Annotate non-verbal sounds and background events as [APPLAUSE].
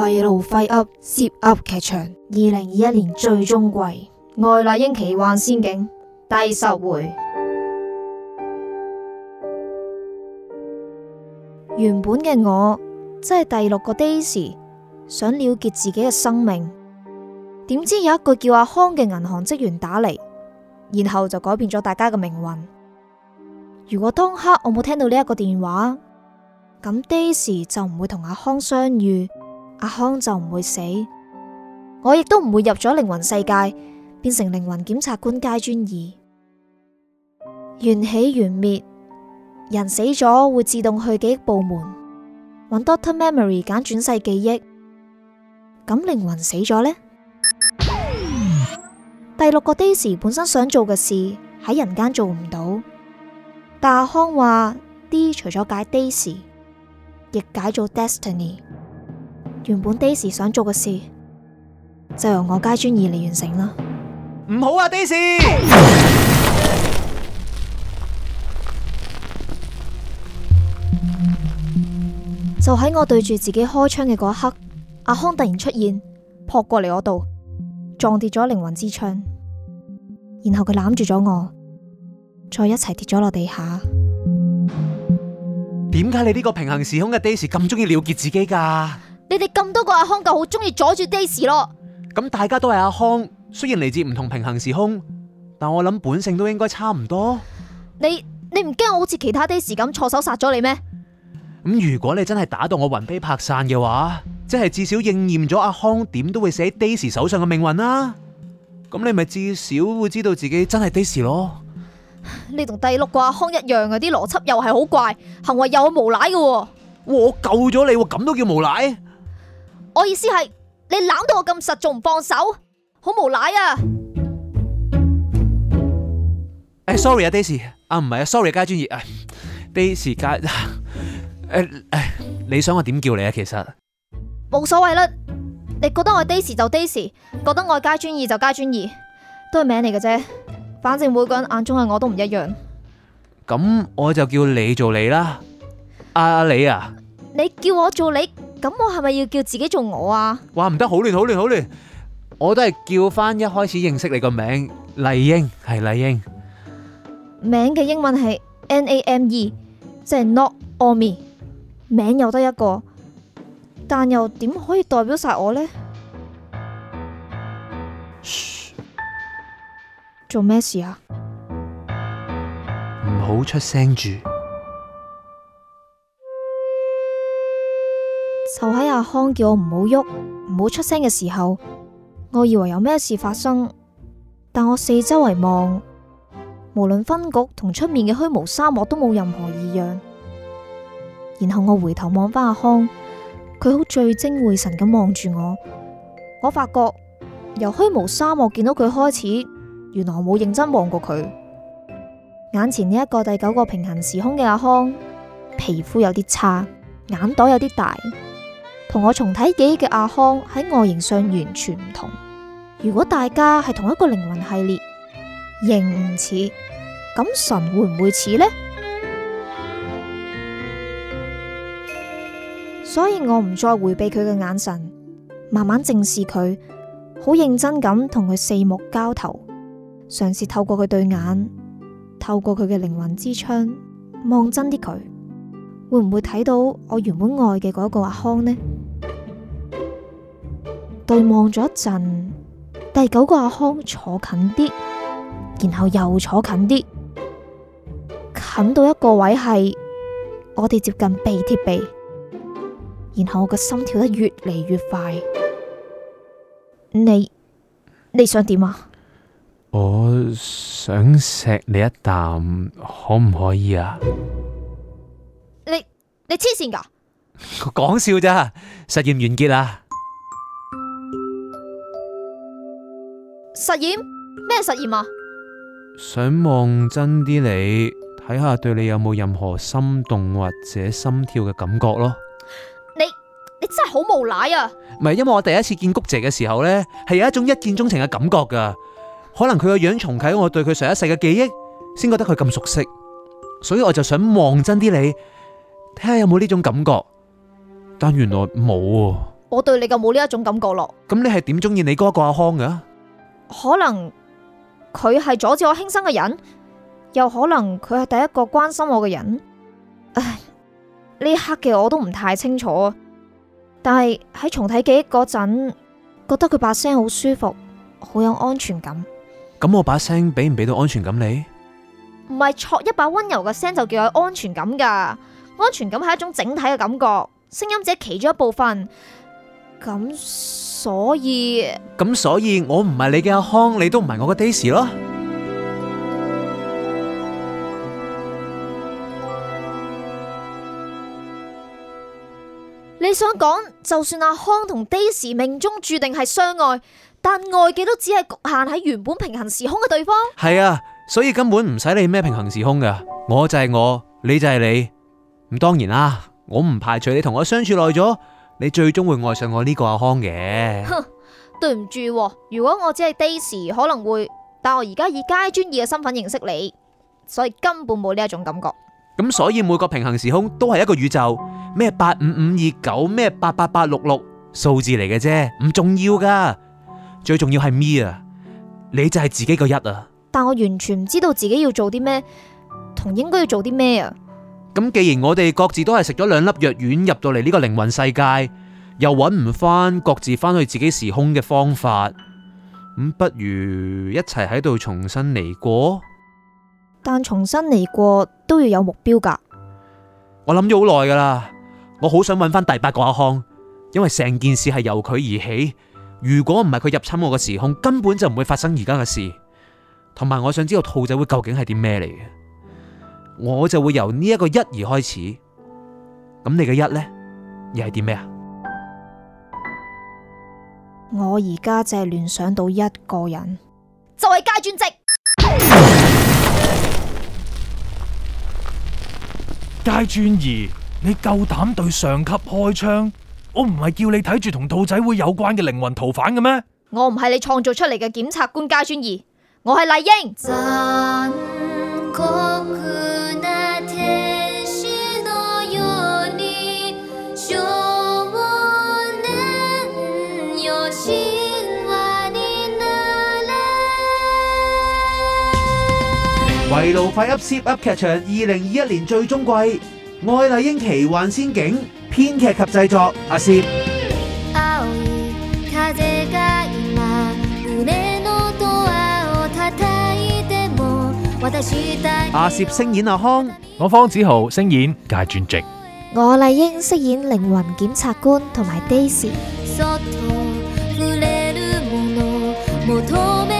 廢路廢凹 Zip 噏劇場，二零二一年最終季《愛麗英奇幻仙境》第十回。原本嘅我即係第六個 Daisy，想了結自己嘅生命。點知有一個叫阿康嘅銀行職員打嚟，然後就改變咗大家嘅命運。如果當刻我冇聽到呢一個電話，咁 Daisy 就唔會同阿康相遇。阿康就唔會死，我亦都唔會入咗靈魂世界，變成靈魂檢察官階專二。緣起緣滅，人死咗會自動去記憶部門搵 Doctor Memory 揀轉世記憶。咁靈魂死咗呢？ [NOISE] 第六個 Daisy 本身想做嘅事喺人間做唔到，但阿康話 D 除咗解 Daisy，亦解做 Destiny。原本 Daisy 想做嘅事，就由我階磚二嚟完成啦。唔好啊，Daisy！ [LAUGHS] 就喺我對住自己開槍嘅嗰一刻，阿康突然出現，撲過嚟我度，撞跌咗靈魂之槍，然後佢攬住咗我，再一齊跌咗落地下。點解你呢個平行時空嘅 Daisy 咁鍾意了結自己㗎？不過阿康就好中意阻住 Daisy 咯。咁大家都係阿康，雖然嚟自唔同平行時空，但我諗本性都應該差唔多。你你，唔驚我好似其他 Daisy 咁錯手殺咗你咩？咁如果你真係打到我魂飛魄散嘅話，即係至少應驗咗阿康點都會死喺 Daisy 手上嘅命運啦。咁你咪至少會知道自己真係 Daisy 咯。你同第六個阿康一樣啊！啲邏輯又係好怪，行為又無賴嘅。哦。我救咗你，咁都叫無賴？我意思係你攬到我咁實，仲唔放手？好無賴啊！誒、哎、，sorry 啊，Daisy 啊，唔係啊，sorry 加專業啊、哎、，Daisy 加誒誒，你想我點叫你啊？其實冇所謂啦，你覺得我係 Daisy 就 Daisy，覺得我係加專業就加專業，都係名嚟嘅啫。反正每個人眼中嘅我都唔一樣。咁、嗯、我就叫你做你啦，阿、啊、你啊，你叫我做你。咁我係咪要叫自己做我啊？哇，唔得，好亂，好亂，好亂！我都係叫翻一開始認識你個名麗英，係麗英。名嘅英文係 N A M E，即係 Not All Me。名又得一個，但又點可以代表晒我呢？嘘，做咩事啊？唔好出聲住。就喺阿康叫我唔好喐、唔好出聲嘅時候，我以為有咩事發生，但我四周圍望，無論分局同出面嘅虛無沙漠都冇任何異樣。然後我回頭望返阿康，佢好聚精會神咁望住我，我發覺由虛無沙漠見到佢開始，原來我冇認真望過佢。眼前呢一個第九個平行時空嘅阿康，皮膚有啲差，眼袋有啲大。同我重睇記憶嘅阿康喺外形上完全唔同。如果大家係同一個靈魂系列，形唔似，咁神會唔會似呢？所以我唔再回避佢嘅眼神，慢慢正視佢，好認真咁同佢四目交投，嘗試透過佢對眼，透過佢嘅靈魂之窗望真啲佢，會唔會睇到我原本愛嘅嗰一個阿康呢？對望咗一陣，第九個阿康坐近啲，然後又坐近啲，近到一個位係我哋接近鼻貼鼻，然後我個心跳得越嚟越快。你，你想點啊？我想錫你一啖，可唔可以啊？你，你黐線㗎？講笑咋？實驗完結啦。實驗咩實驗啊？想望真啲你睇下，對你有冇任何心動或者心跳嘅感覺咯？你你真係好無賴啊！唔係，因為我第一次見谷姐嘅時候呢，係有一種一見鍾情嘅感覺噶，可能佢個樣重啟我對佢上一世嘅記憶，先覺得佢咁熟悉，所以我就想望真啲你睇下有冇呢種感覺，但原來冇喎。我對你就冇呢一種感覺咯。咁你係點中意你哥哥阿康噶？可能佢係阻止我輕生嘅人，又可能佢係第一個關心我嘅人。唉，呢一刻嘅我都唔太清楚，但係喺重睇記憶嗰陣，覺得佢把聲好舒服，好有安全感。咁我把聲俾唔俾到安全感你？唔係，錯一把温柔嘅聲就叫有安全感㗎。安全感係一種整體嘅感覺，聲音只係其中一部分。咁。所以咁，所以我唔係你嘅阿康，你都唔係我嘅 Daisy 咯。你想講就算阿康同 Daisy 命中注定係相愛，但愛嘅都只係局限喺原本平行時空嘅地方。係啊，所以根本唔使理咩平行時空噶，我就係我，你就係你。咁當然啦，我唔排除你同我相處耐咗。你最終會愛上我呢個阿康嘅。哼，對唔住，如果我只係 Daisy 可能會，但我而家以佳專業嘅身份認識你，所以根本冇呢一種感覺。咁所以每個平行時空都係一個宇宙，咩八五五二九咩八八八六六數字嚟嘅啫，唔重要噶，最重要係 me 啊 er，你就係自己個一啊。但我完全唔知道自己要做啲咩，同應該要做啲咩啊。咁既然我哋各自都係食咗兩粒藥丸入到嚟，呢個靈魂世界，又揾唔翻各自返去自己時空嘅方法，咁不如一齊喺度重新嚟過。但重新嚟過都要有目標噶。我諗咗好耐噶啦，我好想揾翻第八個阿康，因為成件事係由佢而起。如果唔係佢入侵我嘅時空，根本就唔會發生而家嘅事。同埋，我想知道兔仔會究竟係啲咩嚟嘅。我就會由呢一個一而開始，咁你嘅一呢？又係點咩啊？我而家淨係聯想到一個人，就係、是、佳專職。佳專二，你夠膽對上級開槍？我唔係叫你睇住同兔仔會有關嘅靈魂逃犯嘅咩？我唔係你創造出嚟嘅檢察官佳專二，我係麗英。《圍爐快噏》《Zip 噏劇場》二零二一年最終季《愛麗英奇幻仙境》，編劇及製作阿 Zip，阿 Zip 聲 [MUSIC] 演阿康，我方子豪聲演介鑽石，我麗英飾演靈魂檢察官同埋 Daisy [MUSIC]